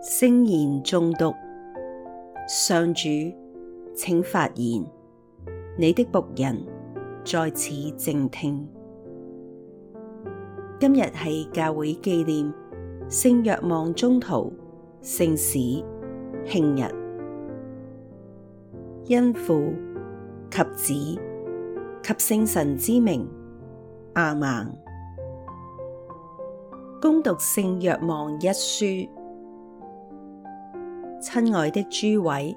聖言誦讀，上主，請發言，你的僕人在此靜聽。今日係教會紀念聖若望宗徒聖史。慶日，因父及子及聖神之名阿們。恭讀聖若望一書，親愛的諸位，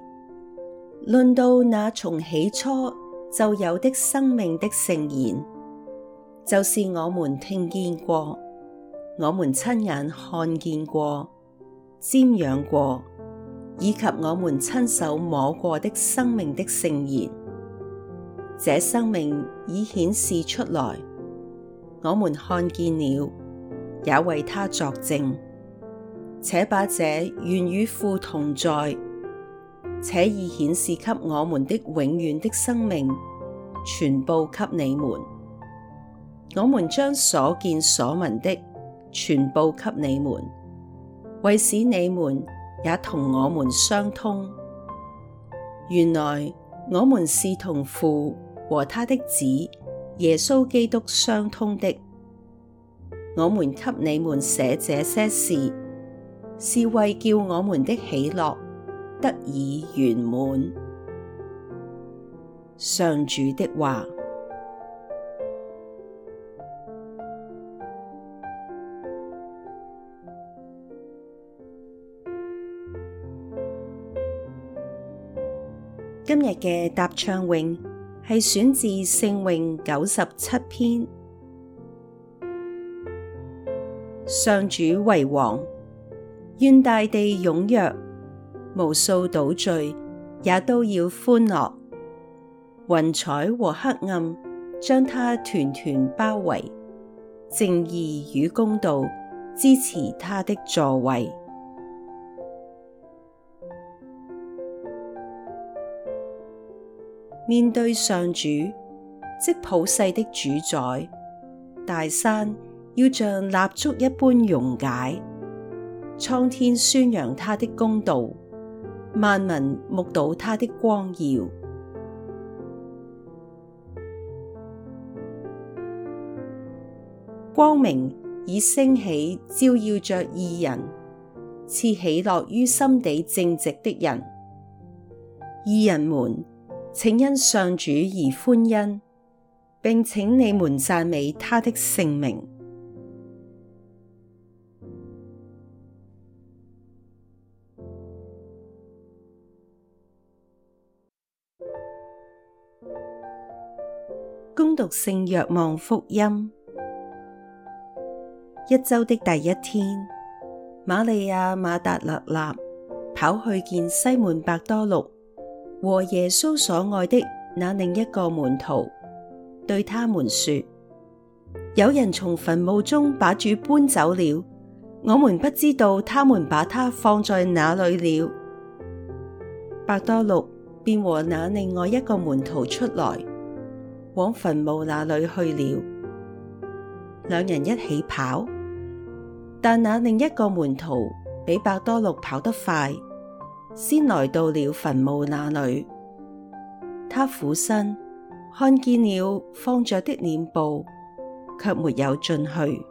論到那從起初就有的生命的聖言，就是我們聽見過，我們親眼看見過，瞻仰過。以及我們親手摸過的生命的聖言，這生命已顯示出來，我們看見了，也為他作證，且把這原與父同在，且已顯示給我們的永遠的生命，傳報給你們。我們將所見所聞的傳報給你們，為使你們。也同我們相通，原來我們是同父和他的子耶穌基督相通的。我們給你們寫這些事，是為叫我們的喜樂得以圓滿。上主的話。今日嘅答唱詠係選自聖詠九十七篇，上主為王，願大地踊躍，無數島嶼也都要歡樂。雲彩和黑暗將他團團包圍，正義與公道支持他的座位。面對上主，即普世的主宰，大山要像蠟燭一般溶解，蒼天宣揚他的公道，萬民目睹他的光耀，光明已升起，照耀着義人，賜喜樂於心地正直的人，義人們。請因上主而歡欣，並請你們讚美他的聖名。恭讀聖若望福音，一周的第一天，瑪利亞瑪達肋納跑去見西滿伯多祿。和耶穌所愛的那另一個門徒，對他們說：有人從墳墓中把主搬走了，我們不知道他們把他放在哪裏了。伯多祿便和那另外一個門徒出來，往墳墓那裏去了。兩人一起跑，但那另一個門徒比伯多祿跑得快。先來到了墳墓那裏，他俯身看見了放着的殮布，卻沒有進去。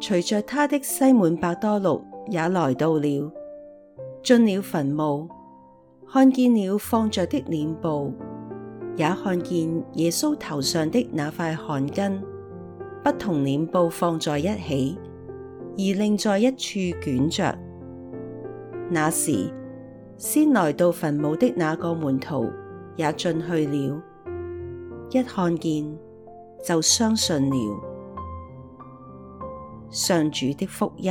隨着他的西滿伯多祿也來到了，進了墳墓，看見了放着的殮布，也看見耶穌頭上的那塊汗巾，不同殮布放在一起，而另在一處捲着。那時，先來到墳墓的那個門徒也進去了，一看見就相信了上主的福音。